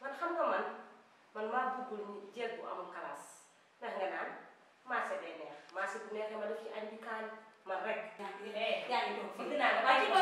man xam nga man man maa bëggul ni jeeg bu amul classe ndax nga naan marché day neex marché bu neexee ma def ci andi kaan man rek. yaa ngi doon fii dinaa la bàyyi ko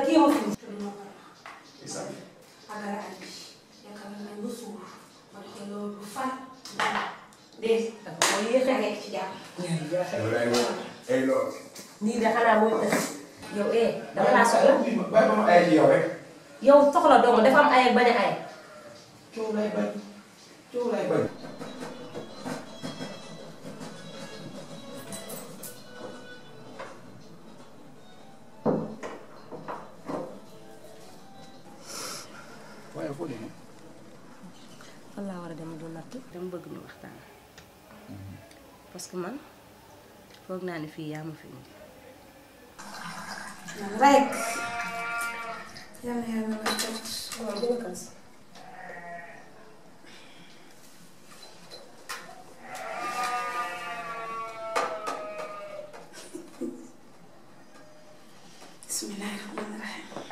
ki musu agara aji yakama na musu makelo rufan de ko yi xene ci jàpp ay lo ni de xanaa mooy tës yow eh dama laa soxla bay ba ma ay ci yow rek yow soxla dong dafa am ay waaye foo demee. fan laa war a dem du natt dama bëgg ñu waxtaan. parce que man foog naa ne fii yaa ma fi indi. rek. yàlla yàlla may kat waaw dama kas. bismillaahi rahmaani rahiim.